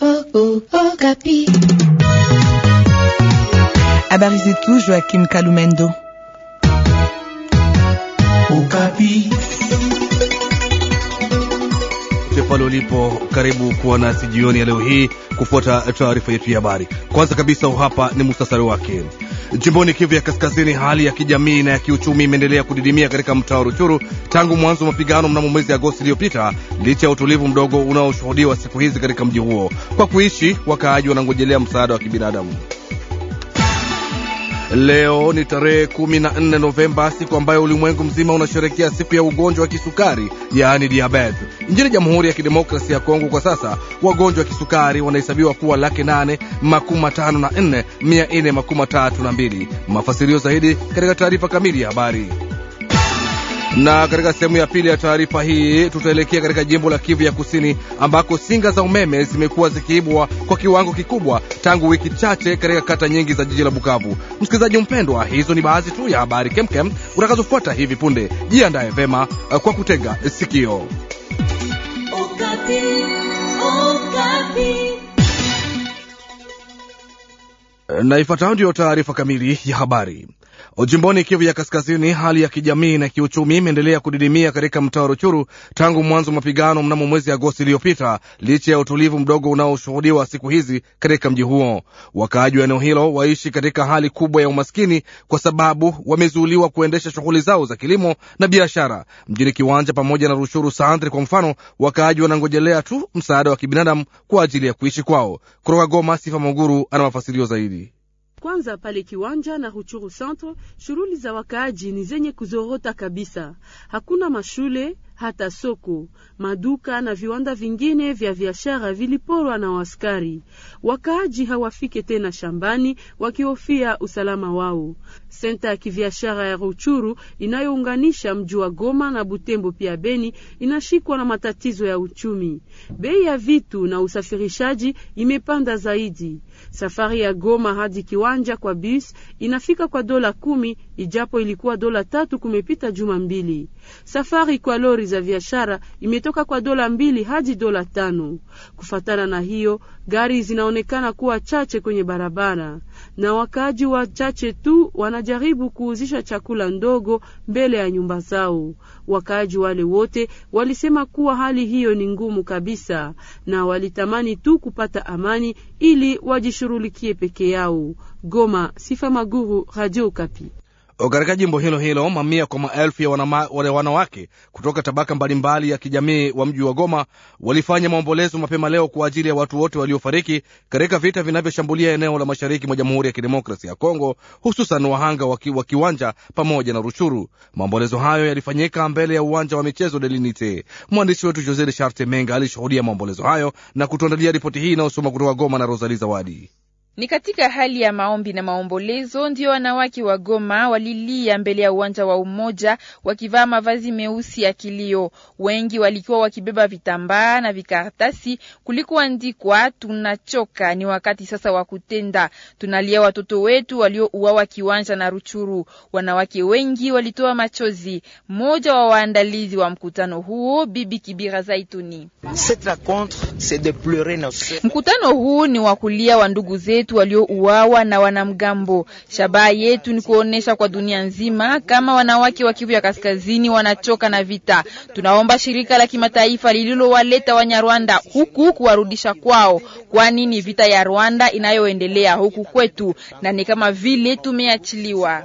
Oh, oh, oh, habari zetu Kalumendo. Pale ulipo karibu kuwa nasi jioni ya leo hii kufuata taarifa yetu ya habari. Kwanza kabisa, uhapa ni mustasari wake. Jimboni Kivu ya Kaskazini, hali ya kijamii na ya kiuchumi imeendelea kudidimia katika mtaa wa Ruchuru tangu mwanzo wa mapigano mnamo mwezi Agosti iliyopita, licha ya utulivu mdogo unaoshuhudiwa siku hizi katika mji huo. Kwa kuishi, wakaaji wanangojelea msaada wa kibinadamu. Leo ni tarehe 14 Novemba, siku ambayo ulimwengu mzima unasherekea siku ya ugonjwa wa kisukari, yaani diabetes. Nchini Jamhuri ya Kidemokrasia ya Kongo kwa sasa wagonjwa wa kisukari wanahesabiwa kuwa laki nane makumi matano na nne mia nne makumi matatu na mbili. Mafasirio zaidi katika taarifa kamili ya habari. Na katika sehemu ya pili ya taarifa hii tutaelekea katika jimbo la Kivu ya Kusini ambako singa za umeme zimekuwa zikiibwa kwa kiwango kikubwa tangu wiki chache katika kata nyingi za jiji la Bukavu. Msikilizaji mpendwa, hizo ni baadhi tu ya habari kemkem utakazofuata hivi punde. Jiandaye vema eh, kwa kutega sikio. Okapi, Okapi. Na ifuatayo ndiyo taarifa kamili ya habari. Ujimboni Kivu ya Kaskazini, hali ya kijamii na kiuchumi imeendelea kudidimia katika mtaa wa Ruchuru tangu mwanzo wa mapigano mnamo mwezi Agosti iliyopita, licha ya utulivu mdogo unaoshuhudiwa siku hizi katika mji huo. Wakaaji wa eneo hilo waishi katika hali kubwa ya umaskini kwa sababu wamezuuliwa kuendesha shughuli zao za kilimo na biashara mjini Kiwanja pamoja na Ruchuru Santri. Kwa mfano, wakaaji wanangojelea tu msaada wa kibinadamu kwa ajili ya kuishi kwao. Kutoka Goma, Sifa Moguru ana mafasilio zaidi kwanza pale Kiwanja na Ruchuru Centre, shughuli za wakaaji ni zenye kuzorota kabisa. Hakuna mashule hata soko, maduka na viwanda vingine vya biashara viliporwa na waskari. Wakaaji hawafike tena shambani wakihofia usalama wao. Senta ya kibiashara ya Ruchuru inayounganisha mji wa Goma na Butembo pia Beni inashikwa na matatizo ya uchumi. Bei ya vitu na usafirishaji imepanda zaidi. Safari ya Goma hadi kiwanja kwa bus inafika kwa dola kumi ijapo ilikuwa dola tatu kumepita juma mbili. Safari kwa lori za biashara imetoka kwa dola mbili hadi dola tano. Kufatana na hiyo, gari zinaonekana kuwa chache kwenye barabara na wakaaji wachache tu wanajaribu kuuzisha chakula ndogo mbele ya nyumba zao. Wakaaji wale wote walisema kuwa hali hiyo ni ngumu kabisa na walitamani tu kupata amani ili wajishughulikie peke yao. Goma, Sifa Maguru, Radio Kapi. Katika jimbo hilo hilo, mamia kwa maelfu ya wale wanawake kutoka tabaka mbalimbali ya kijamii wa mji wa Goma walifanya maombolezo mapema leo kwa ajili ya watu wote waliofariki katika vita vinavyoshambulia eneo la mashariki mwa Jamhuri ya Kidemokrasia ya Kongo, hususan wahanga wa waki, Kiwanja pamoja na Ruchuru. Maombolezo hayo yalifanyika mbele ya uwanja wa michezo Delinite. Mwandishi wetu Jose Sharte Menga alishuhudia maombolezo hayo na kutuandalia ripoti hii inayosoma kutoka Goma na Rosali Zawadi. Ni katika hali ya maombi na maombolezo ndio wanawake wa Goma walilia mbele ya uwanja wa Umoja wakivaa mavazi meusi ya kilio. Wengi walikuwa wakibeba vitambaa na vikaratasi kulikoandikwa tunachoka, ni wakati sasa wa kutenda, tunalia watoto wetu waliouawa Kiwanja na Ruchuru. Wanawake wengi walitoa machozi. Mmoja wa waandalizi wa mkutano huo, Bibi Kibira Zaituni: mkutano huu ni wa kulia wa ndugu zetu wetu waliouawa na wanamgambo. Shabaha yetu ni kuonesha kwa dunia nzima kama wanawake wa Kivu ya Kaskazini wanachoka na vita. Tunaomba shirika la kimataifa lililowaleta Wanyarwanda huku kuwarudisha kwao, kwani ni vita ya Rwanda inayoendelea huku kwetu na ni kama vile tumeachiliwa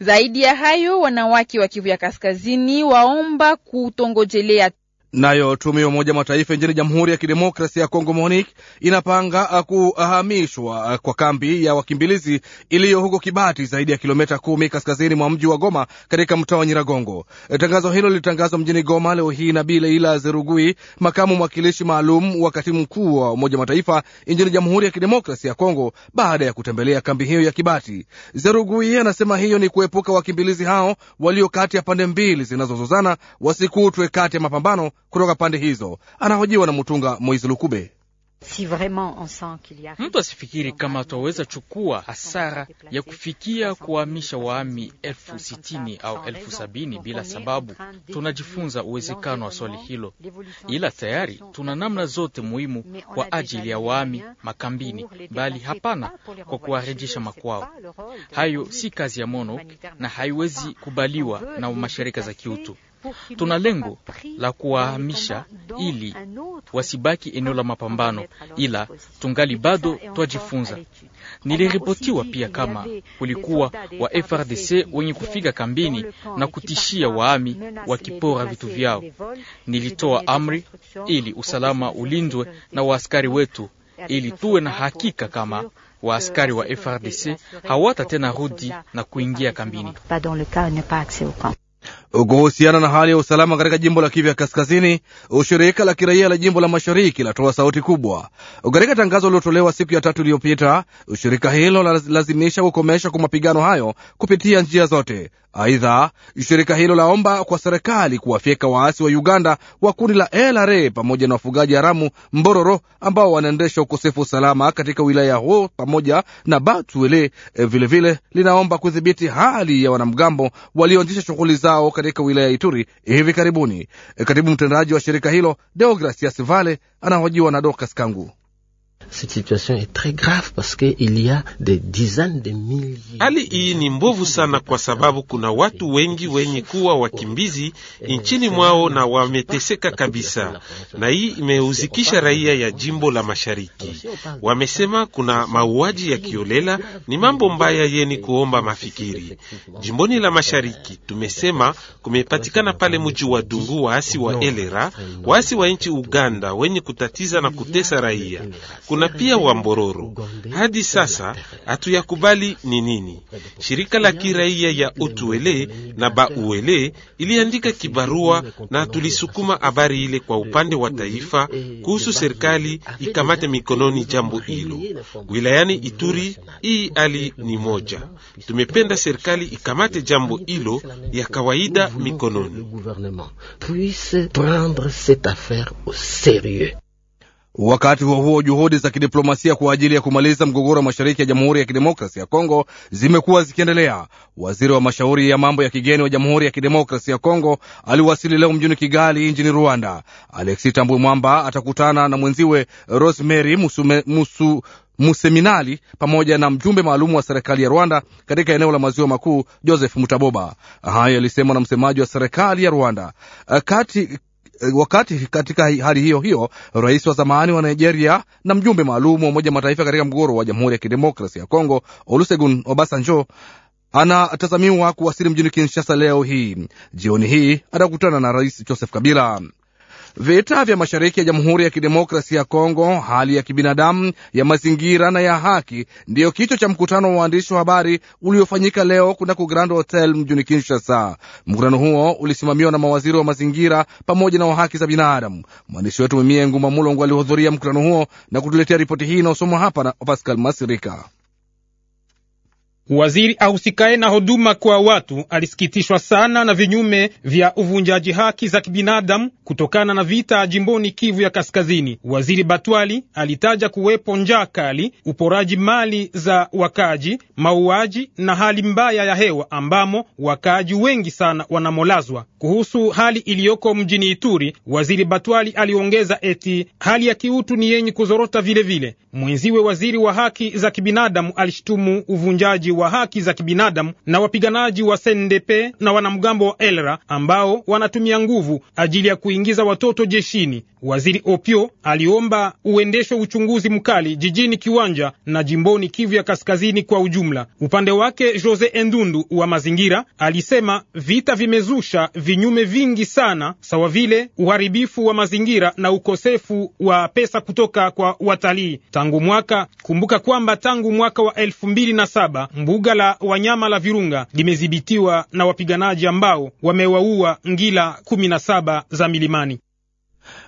zaidi ya hayo, wanawake wa Kivu ya Kaskazini waomba kutongojelea Nayo tume ya Umoja Mataifa nchini Jamhuri ya Kidemokrasia ya Kongo, MONUC, inapanga kuhamishwa kwa kambi ya wakimbilizi iliyo huko Kibati, zaidi ya kilomita kumi kaskazini mwa mji wa Goma, katika mtaa wa Nyiragongo. Tangazo hilo lilitangazwa mjini Goma leo hii na Bi Zerugui, makamu mwakilishi maalum wa katibu mkuu wa Umoja Mataifa nchini Jamhuri ya Kidemokrasia ya Kongo, baada ya kutembelea kambi hiyo ya Kibati. Zerugui anasema hiyo ni kuepuka wakimbilizi hao walio kati ya pande mbili zinazozozana wasikutwe kati ya mapambano kutoka pande hizo, anahojiwa na Mutunga Moise Lukube. Si a... mtu asifikiri kama twaweza chukua hasara ya kufikia kuwaamisha waami elfu sitini au elfu sabini bila sababu. Tunajifunza uwezekano wa swali hilo, ila tayari tuna namna zote muhimu kwa ajili ya waami makambini, bali hapana kwa kuwarejesha makwao. Hayo si kazi ya MONUC na haiwezi kubaliwa na mashirika za kiutu. Tuna lengo la kuwahamisha ili wasibaki eneo la mapambano, ila tungali bado twajifunza. Niliripotiwa pia kama kulikuwa wa FRDC wenye kufika kambini na kutishia waami wakipora vitu vyao. Nilitoa amri ili usalama ulindwe na waaskari wetu, ili tuwe na hakika kama waaskari wa FRDC hawata tena rudi na kuingia kambini. Kuhusiana na hali ya usalama katika jimbo la Kivu ya Kaskazini, ushirika la kiraia la jimbo la Mashariki latoa sauti kubwa. Katika tangazo lililotolewa siku ya tatu iliyopita, ushirika hilo lalazimisha kukomesha kwa mapigano hayo kupitia njia zote, Aidha, shirika hilo laomba kwa serikali kuwafyeka waasi wa Uganda wa kundi la LRA pamoja na wafugaji haramu Mbororo ambao wanaendesha ukosefu usalama katika wilaya huo pamoja na Batuele. E, Vilevile linaomba kudhibiti hali ya wanamgambo walioanzisha shughuli zao katika wilaya ya Ituri hivi karibuni. E, katibu mtendaji wa shirika hilo Deogracias Vale anahojiwa na Dorcas Kangu. Cette situation est très grave parce que il y a des dizaines de milliers. Hali hii ni mbovu sana kwa sababu kuna watu wengi wenye kuwa wakimbizi nchini mwao na wameteseka kabisa, na hii imehuzikisha raia ya jimbo la Mashariki. Wamesema kuna mauaji ya kiolela, ni mambo mbaya yeni kuomba mafikiri. Jimboni la Mashariki tumesema kumepatikana pale mji wa Dungu waasi wa Elera, waasi wa nchi Uganda wenye kutatiza na kutesa raia. Kuna kuna pia Wambororo. Hadi sasa hatuyakubali ni nini. Shirika la kiraia ya utuele na Bauele iliandika kibarua na tulisukuma habari ile kwa upande wa taifa kuhusu serikali ikamate mikononi jambo hilo wilayani Ituri. Hii hali ni moja, tumependa serikali ikamate jambo hilo ya kawaida mikononi. Wakati huo huo, juhudi za kidiplomasia kwa ajili ya kumaliza mgogoro wa mashariki ya Jamhuri ya kidemokrasi ya Kongo zimekuwa zikiendelea. Waziri wa mashauri ya mambo ya kigeni wa Jamhuri ya kidemokrasi ya Kongo aliwasili leo mjini Kigali nchini Rwanda. Alexi Tambwe Mwamba atakutana na mwenziwe Rosemary Musume, Musu Museminali pamoja na mjumbe maalumu wa serikali ya Rwanda katika eneo la maziwa makuu Joseph Mutaboba. Hayo yalisemwa na msemaji wa serikali ya Rwanda kati Wakati katika hali hiyo hiyo, rais wa zamani wa Nigeria na mjumbe maalum wa Umoja Mataifa katika mgogoro wa Jamhuri ya kidemokrasi ya Kongo Olusegun Obasanjo anatazamiwa kuwasili mjini Kinshasa leo hii. Jioni hii atakutana na rais Joseph Kabila. Vita vya mashariki ya Jamhuri ya Kidemokrasia ya Kongo, hali ya kibinadamu, ya mazingira na ya haki, ndiyo kichwa cha mkutano wa waandishi wa habari uliofanyika leo kunako Grand Hotel mjini Kinshasa. Mkutano huo ulisimamiwa na mawaziri wa mazingira pamoja na wa haki za binadamu. Mwandishi wetu Mimie Nguma Mulongo alihudhuria mkutano huo na kutuletea ripoti hii inayosomwa hapa na Pascal Masirika. Waziri ahusikaye na huduma kwa watu alisikitishwa sana na vinyume vya uvunjaji haki za kibinadamu kutokana na vita jimboni Kivu ya Kaskazini. Waziri Batwali alitaja kuwepo njaa kali, uporaji mali za wakaji, mauaji na hali mbaya ya hewa ambamo wakaaji wengi sana wanamolazwa. Kuhusu hali iliyoko mjini Ituri, waziri Batwali aliongeza eti hali ya kiutu ni yenye kuzorota vilevile. Mwenziwe waziri wa haki za kibinadamu alishtumu uvunjaji wa haki za kibinadamu na wapiganaji wa Sendepe na wanamgambo wa Elra ambao wanatumia nguvu ajili ya kuingiza watoto jeshini. Waziri Opio aliomba uendeshwe uchunguzi mkali jijini Kiwanja na jimboni Kivu ya Kaskazini kwa ujumla. Upande wake, Jose Endundu wa mazingira alisema vita vimezusha vinyume vingi sana, sawa vile uharibifu wa mazingira na ukosefu wa pesa kutoka kwa watalii tangu mwaka. Kumbuka kwamba tangu mwaka wa elfu mbili na saba mbuga la wanyama la Virunga limedhibitiwa na wapiganaji ambao wamewaua ngila kumi na saba za milimani.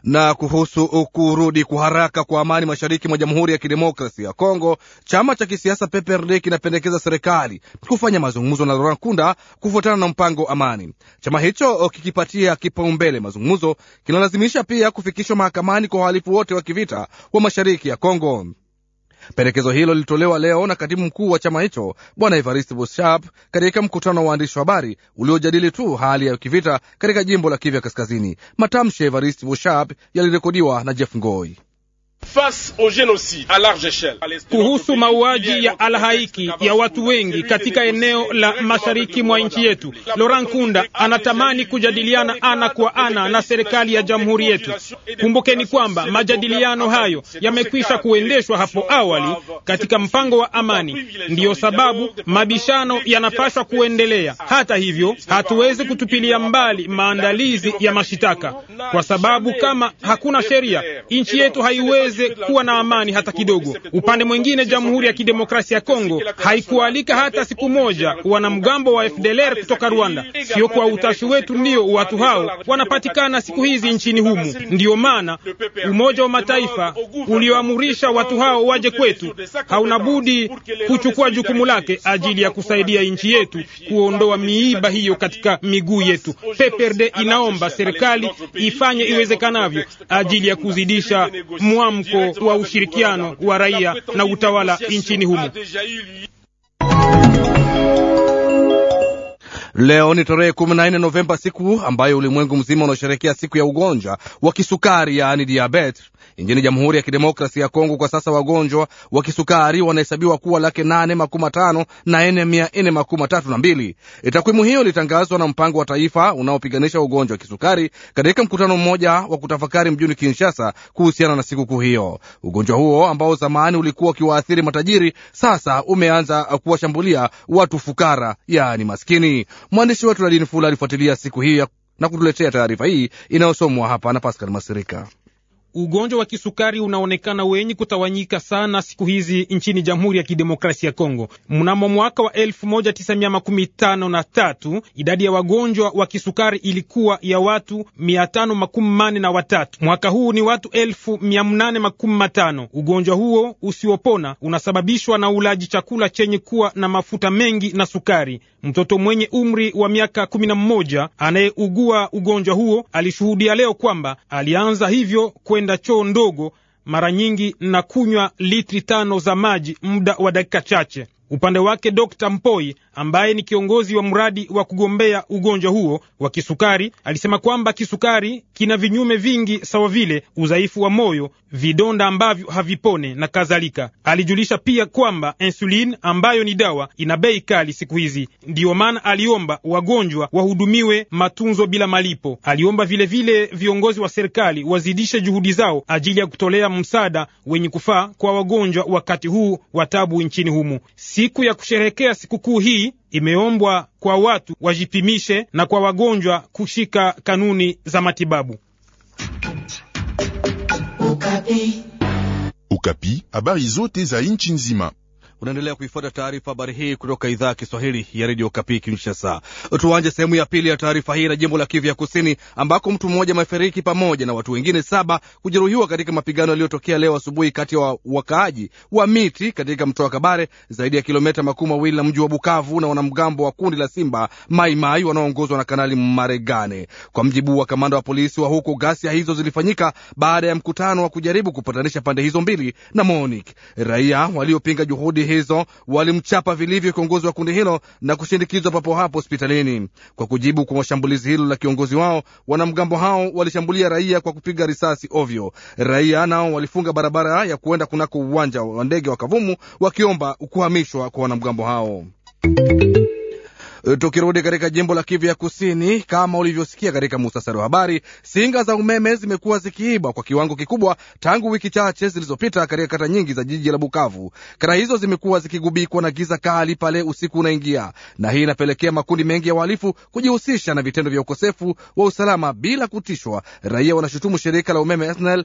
Na kuhusu kurudi kwa haraka kwa amani mashariki mwa Jamhuri ya Kidemokrasi ya Kongo, chama cha kisiasa PPRD kinapendekeza serikali kufanya mazungumzo na Laurent Kunda kufuatana na mpango amani. Chama hicho kikipatia kipaumbele mazungumzo, kinalazimisha pia kufikishwa mahakamani kwa wahalifu wote wa kivita wa mashariki ya Kongo. Pendekezo hilo lilitolewa leo na katibu mkuu wa chama hicho Bwana evarist Bushap katika mkutano wa waandishi wa habari uliojadili tu hali ya kivita katika jimbo la kivya Kaskazini. Matamshi ya evarist Bushap yalirekodiwa na Jeff Ngoi kuhusu mauaji ya alhaiki ya watu wengi katika eneo la mashariki mwa nchi yetu. Laurent Kunda anatamani kujadiliana ana kwa ana na serikali ya jamhuri yetu. Kumbukeni kwamba majadiliano hayo yamekwisha kuendeshwa hapo awali katika mpango wa amani. Ndiyo sababu mabishano yanapaswa kuendelea. Hata hivyo, hatuwezi kutupilia mbali maandalizi ya mashitaka, kwa sababu kama hakuna sheria, nchi yetu haiwezi wasiweze kuwa na amani hata kidogo. Upande mwingine, Jamhuri ya Kidemokrasia ya Kongo haikualika hata siku moja wanamgambo wa FDLR kutoka Rwanda. Sio kwa utashi wetu ndio watu hao wanapatikana siku hizi nchini humu. Ndiyo maana Umoja wa Mataifa ulioamurisha watu hao waje kwetu hauna budi kuchukua jukumu lake ajili ya kusaidia nchi yetu kuondoa miiba hiyo katika miguu yetu. PPRD inaomba serikali ifanye iwezekanavyo ajili ya kuzidisha mwamko mzunguko wa ushirikiano wa raia na utawala nchini humo. Leo ni tarehe 14 Novemba, siku ambayo ulimwengu mzima unaosherekea siku ya ugonjwa wa kisukari, yaani diabetes. Nchini Jamhuri ya Kidemokrasi ya Kongo kwa sasa wagonjwa wa kisukari wanahesabiwa kuwa laki nane makumi tano na ene mia ene makumi tatu na mbili. Takwimu hiyo ilitangazwa na mpango wa taifa unaopiganisha ugonjwa wa kisukari katika mkutano mmoja wa kutafakari mjini Kinshasa kuhusiana na sikukuu hiyo. Ugonjwa huo ambao zamani ulikuwa ukiwaathiri matajiri sasa umeanza kuwashambulia watu fukara, yaani maskini. Mwandishi wetu Ladini Fula alifuatilia siku hiyo na kutuletea taarifa hii inayosomwa hapa na Pascal Masirika. Ugonjwa wa kisukari unaonekana wenye kutawanyika sana siku hizi nchini Jamhuri ya Kidemokrasia ya Kongo. Mnamo mwaka wa 1953 idadi ya wagonjwa wa kisukari ilikuwa ya watu 543. Mwaka huu ni watu 1815. Ugonjwa huo usiopona unasababishwa na ulaji chakula chenye kuwa na mafuta mengi na sukari. Mtoto mwenye umri wa miaka kumi na mmoja anayeugua ugonjwa huo alishuhudia leo kwamba alianza hivyo kwenda choo ndogo mara nyingi na kunywa litri tano za maji muda wa dakika chache. Upande wake Dr Mpoi ambaye ni kiongozi wa mradi wa kugombea ugonjwa huo wa kisukari alisema kwamba kisukari kina vinyume vingi sawa vile udhaifu wa moyo, vidonda ambavyo havipone na kadhalika. Alijulisha pia kwamba insulin ambayo ni dawa ina bei kali siku hizi, ndiyo maana aliomba wagonjwa wahudumiwe matunzo bila malipo. Aliomba vilevile vile viongozi wa serikali wazidishe juhudi zao ajili ya kutolea msaada wenye kufaa kwa wagonjwa wakati huu wa tabu nchini humo. Siku ya kusherekea sikukuu hii imeombwa kwa watu wajipimishe na kwa wagonjwa kushika kanuni za matibabu. Ukapi, habari zote za nchi nzima Unaendelea kuifuata taarifa habari hii kutoka idhaa ya Kiswahili ya redio Kapi Kinshasa. Tuanje sehemu ya pili ya taarifa hii na jimbo la Kivu ya Kusini, ambako mtu mmoja amefariki pamoja na watu wengine saba kujeruhiwa katika mapigano yaliyotokea leo asubuhi kati ya wa, wakaaji wa miti katika mto wa Kabare, zaidi ya kilometa makumi mawili na mji wa Bukavu, na wanamgambo wa kundi la Simba Maimai wanaoongozwa na Kanali Maregane. Kwa mjibu wa kamanda wa polisi wa huko, ghasia hizo zilifanyika baada ya mkutano wa kujaribu kupatanisha pande hizo mbili na MONUC. Raia waliopinga juhudi hizo walimchapa vilivyo kiongozi wa kundi hilo na kushindikizwa papo hapo hospitalini. Kwa kujibu kwa shambulizi hilo la kiongozi wao, wanamgambo hao walishambulia raia kwa kupiga risasi ovyo. Raia nao walifunga barabara ya kuenda kunako uwanja wa ndege wa Kavumu wakiomba kuhamishwa kwa wanamgambo hao. Eh, tukirudi katika jimbo la Kivu ya Kusini, kama ulivyosikia katika muhtasari wa habari, singa za umeme zimekuwa zikiiba kwa kiwango kikubwa tangu wiki chache zilizopita katika kata nyingi za jiji la Bukavu. Kata hizo zimekuwa zikigubikwa na giza kali pale usiku unaingia, na hii inapelekea makundi mengi ya wahalifu kujihusisha na vitendo vya ukosefu wa usalama bila kutishwa. Raia wanashutumu shirika la umeme SNEL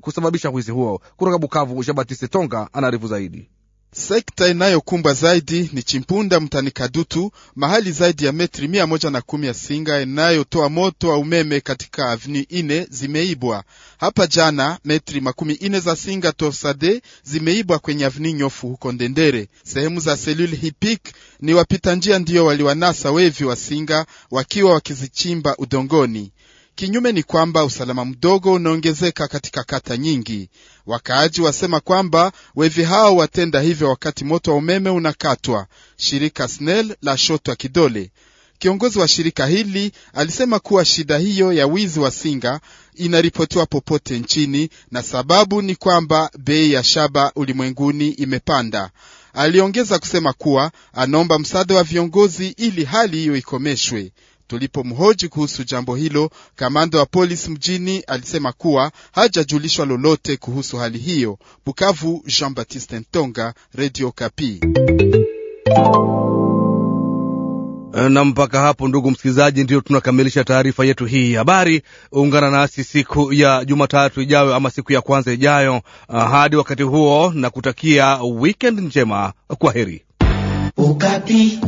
kusababisha wizi huo. Kutoka Bukavu, Jean Batiste Tonga anaarifu zaidi. Sekta inayokumbwa zaidi ni Chimpunda mtani Kadutu, mahali zaidi ya metri mia moja na kumi ya singa inayotoa moto wa umeme katika avni ine zimeibwa hapa jana. Metri makumi ine za singa torsade zimeibwa kwenye avni nyofu huko Ndendere. Sehemu za selule hipik ni wapita njia ndiyo waliwanasa wevi wa singa wakiwa wakizichimba udongoni. Kinyume ni kwamba usalama mdogo unaongezeka katika kata nyingi. Wakaaji wasema kwamba wevi hao watenda hivyo wakati moto wa umeme unakatwa. Shirika SNEL la shotwa kidole. Kiongozi wa shirika hili alisema kuwa shida hiyo ya wizi wa singa inaripotiwa popote nchini na sababu ni kwamba bei ya shaba ulimwenguni imepanda. Aliongeza kusema kuwa anaomba msaada wa viongozi ili hali hiyo ikomeshwe. Tulipomhoji kuhusu jambo hilo, kamanda wa polisi mjini alisema kuwa hajajulishwa lolote kuhusu hali hiyo. Bukavu, Jean Baptiste Ntonga, Radio Kapi. Eh, na mpaka hapo, ndugu msikilizaji, ndio tunakamilisha taarifa yetu hii habari. Ungana nasi siku ya Jumatatu ijayo ama siku ya kwanza ijayo. Ah, hadi wakati huo, na kutakia weekend njema. Kwa heri Ukapi.